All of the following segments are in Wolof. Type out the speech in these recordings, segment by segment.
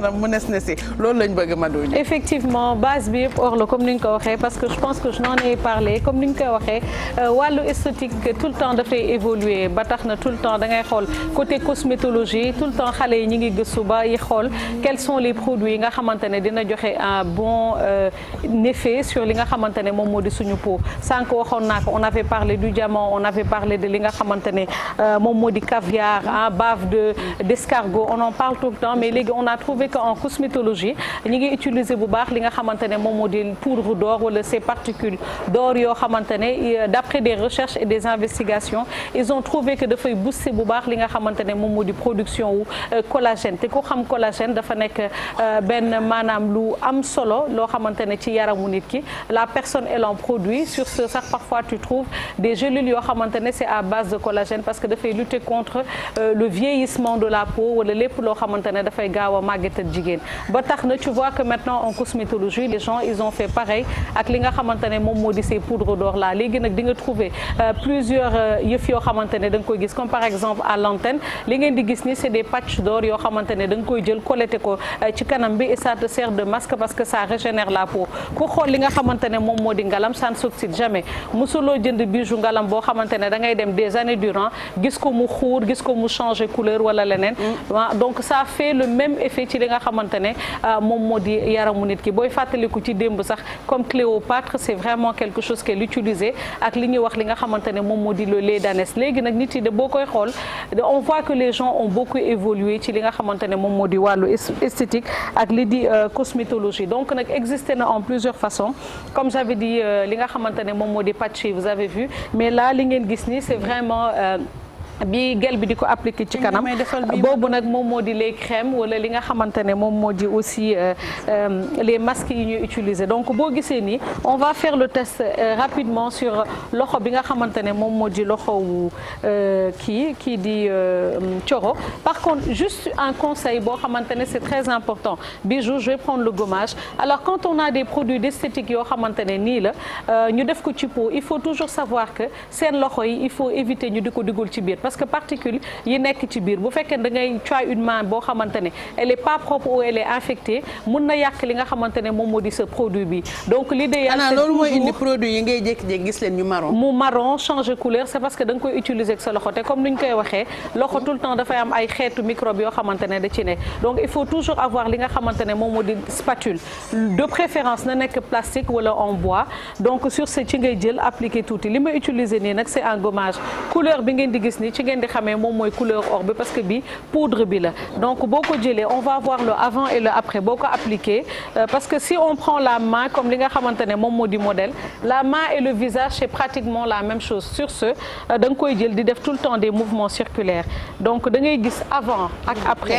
mu lañ effectivement base bi or comme ko parce que je pense que je n'en ai parlé comme ni euh, esthétique tout le temps de fait évoluer ba tout le temps da ngay côté cosmétologie tout le temps xale yi ñu ngi ba yi quels sont les produits yi nga un bon euh, effet sur li nga xamante ne moom moo suñu peau on avait parlé du diamant on avait parlé de li nga xamante ne euh, moom moo hein, bave de d'escargot on en parle tout le temps mais on a trouvé trouvé qu'en cosmétologie ñi ngi utiliser bu baax li nga xamante ne poudre d'or wala ces particules d'or yoo xamante euh, d'après des recherches et des investigations ils ont trouvé que dafay booster bu baax li nga xamante ne moom production ou euh, collagène te ku xam collagène dafa nekk euh, Ben manam lu am solo loo xamante ci yaramu nit ki la personne elle en produit sur ce sac. parfois tu trouves des gélules yoo xamante c'est à base de collagène parce que fait lutter contre le vieillissement de la peau wala lépp loo xamante ne dafay gaaw a màggetat jigéen ba taxna tu vois que maintenant en cosmétologie les gens ils ont fait pareil ak li nga xamante mom modi ces poudres d'or là légui nak di nga trouver euh, plusieurs yeuf yo xamante dang koy gis comme par exemple à l'antenne li ngeen di gis ni c'est des patchs d'or yo xamante dang koy jël colleté ko euh, ci kanam bi et ça te sert de masque parce que ça régénère la peau ko xol li nga xamante mom modi ngalam ça ne s'oxyde jamais musulo jënd bijou ngalam bo xamante ne da ngay dem des années durant gis ko mu xuur gis ko mu changer couleur wala lenen mm. ah, donc ça fait le même effet ci li nga xamante ne euh, moom moo nit ki booy fàttaliku ci démb sax comme Cléopâtre c'est vraiment quelque chose qu'elle utilisait ak li ñuy wax li nga xamante ne moom le lait d'ânesse léegi nag nit yi de boo koy on voit que les gens ont beaucoup évolué ci li nga xamante ne moom moo esthétique ak li di euh, cosmétologie donc nag existé na en plusieurs façons comme j'avais dit euh, li nga xamante ne moom moo vous avez vu mais là li ngeen gis ni c'est vraiment bi gel bi diko appliquer ci kanam bobu nak mom modi les crèmes wala li nga xamante mom modi moo di aussi euh, euh, les masques yi ñu utiliser donc bo gisee ni on va faire le test euh, rapidement sur loxo bi nga xamante mom modi loxo wu loxowu ki kii di coro par contre juste un conseil bo xamante c'est très important bijou je vais prendre le gommage alors quand on a des produits d'esthétique yo xamante ni nii la ñu def ko ci peau il faut toujours savoir que sen loxo yi il faut éviter ñu diko ko ci biir parce que particules yi nek ci biir bu fekkee da ngay coy une main bo xamantene elle est pas propre ou elle est infectée mun na yàq li nga xamantene mom modi ce produit bi donc l'idée, c'est loolu moy indi produit yi ngay jékki-jékki gis len ñu marron mu marron changer couleur c'est parce que dang koy utiliser ak sa loxo te comme niñ koy waxee loxo tout le temps fay am ay xeetu microbe yo xamantene da ci né donc il faut toujours avoir li nga xamantene mom modi spatule de préférence na nek plastique wala en bois donc sur ce ci ngay jël appliquer touti li ma utiliser ni nak c'est un gommage couleur bi ngeen di gis nii couleur or parce que poudre donc beaucoup de on va voir le avant et le après Beaucoup appliqué euh, parce que si on prend la main comme les gars mon ne modèle la main et le visage c'est pratiquement la même chose sur ce euh, donc tout le temps des mouvements circulaires donc da avant et après.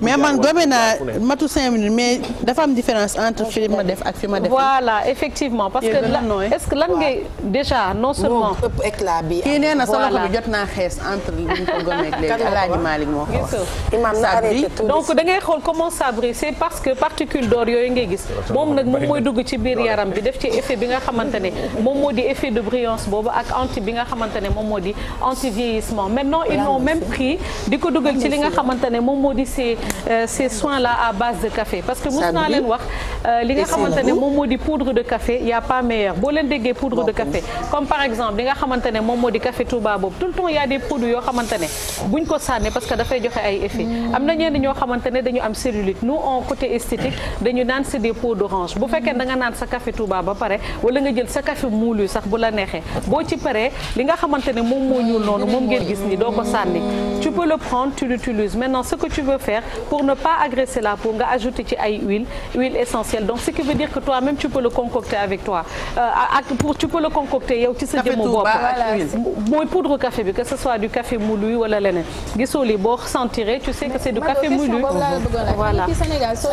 mais man gome naa matu 5 minutes mais dafa am différence entre fi ma def ak fi ma def. voilà effectivement parce que est-ce que lan ngay déjà non seulement. moo ëpp éclat bi kii nee sa loxo bi jot naa xees entre li ko gomé ak Alaaji Malick moo imam na arrêté tout donc da ngay xol comment ça brille c'est parce que particule d'or yooyu ngay gis Mom nak mom moy dugg ci biir yaram bi def ci effet bi nga xamante mom modi effet de brillance boobu ak anti bi nga xamante mom modi anti vieillissement maintenant ils l'ont même pris diko ko dugal ci li nga xamante mom modi ces euh, soins là à base de café parce que mos len leen wax euh, li nga xamante mom modi poudre de café il y a pas meilleur bo len déggee poudre de café comme par exemple li nga xamante mom modi café Touba bob tout le temps y a des poudres yo xamante buñ ko sané parce que fay joxé ay effets hmm. amna na ñenn ñoo xamante dañu am cellulite nous en côté esthétique dañu nane c'est des peaux d'orange bu fekkee da nga nane sa café Touba ba paré wala nga jël sa café moulu sax bu la nexé bo ci paré li nga xamante mom mo moo ñuul mom ngeen gis ni do ko sané tu peux le prendre tu l'utilises maintenant ce que tu veux pour ne pas agresser la peau nga ajouté ci huile huile essentielle donc ce qui veut dire que toi même tu peux le concocter avec toi euh, pour tu peux le concocter yow aussi sa jëmmu bon, mooy poudre café que ce soit du café moulu wala leneen les li sans tu sais que c'est du café moulu voilà Sénégal so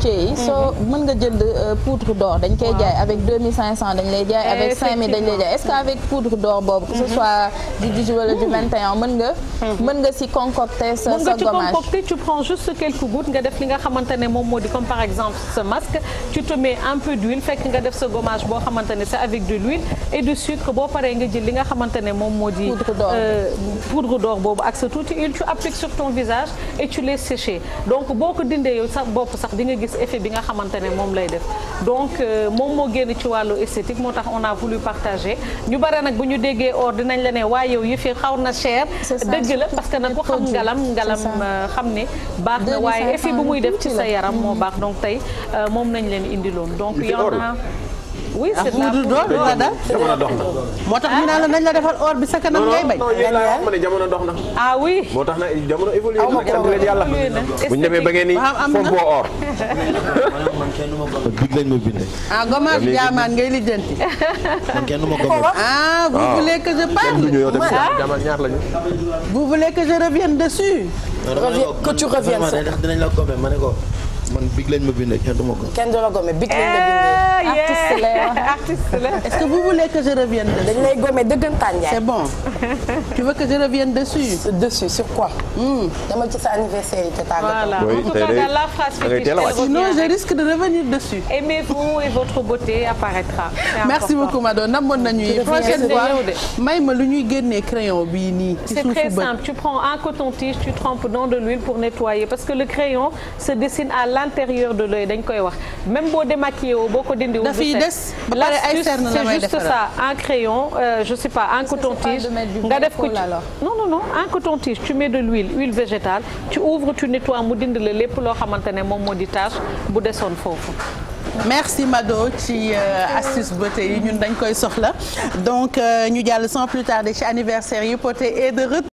ci mm-hmm. euh, poudre d'or avec 2500 avec 5000 est-ce qu'avec avec poudre d'or que ce mm-hmm. soit du 10 wala du 21 mën nga si mm-hmm. concocter sa gommage concocter, tu prends juste quelques gouttes, nga def li nga xamante ne moom moo comme par exemple ce masque tu te mets un peu d'huile fekk nga def ce gommage boo xamante ne c'est avec de l'huile et du sucre boo paree nga jël li nga xamante ne modi moo di euh, poudre d'or boobu ak sa tuuti huile tu appliques sur ton visage et tu laisses sécher donc boo ko dindee yow sax bopp sax di nga gis effet bi nga xamante ne moom lay def donc euh, moom moo génn ci wàllu esthétique moo on a voulu partager ñu bare nag bu ñu déggee or dinañ la ne waaye yow yi xaw na cher dëgg la parce que nag ko xam ngalam ngalam xam ne baax na waaye effet bu muy def ci sa yaram moo baax donc tey euh, moom nañ leen indiloon donc y oui c' est la jamono dox moo tax ñu naan la nañ la defal or bi sa kanam ngay bañ. non non jamono dox na. ah oui moo tax na jamono évolué na nag sant leen yàlla. bu ñu demee ba ngeen ni fompoo or. dig lañ ma bindee. ah gommage jaamaan ngay lijjanti. man kenn du ma gommé. ah vous ah. voulez que je parle. Ah. ñaar lañu. vous voulez que je revienne dessus. que tu reviennes. dinañ la gommé ma man big lañ ma bindee kenn ko. ken du la gomme big lañ la bindee. Eh, artiste la artiste est-ce que vous voulez que je revienne dessus. dañ lay gomme dëggantaan yaay. c'est bon tu veux que je revienne dessus. dessus sur quoi. Hmm. dama ci sa anniversaire yi te voilà en tout cas la phrase fétiche sinon je risque de revenir dessus. aimez-vous et votre beauté apparaîtra. merci beaucoup Madame. namoon nañu prochaine fois may ma luñuy ñuy crayon bi ni ci c'est très simple tu prends un coton-tige tu trempes dans de l'huile pour nettoyer parce que le crayon se dessine à la l'intérieur de l'œil dañ koy wax même beau démaquillé woo beau dindi wu. des la c'est juste ça un crayon euh, je sais pas un coton-tige. nga def ko non non non un coton-tige tu mets de l'huile huile végétale tu ouvres tu nettoies mu dindi le lepp lo xamante mom modi moo tâche bu merci Mado ci euh, astuce beauté yi ñun dañ koy soxla donc euh, ñu jàll sans plus tarder chez anniversaire yi poté et de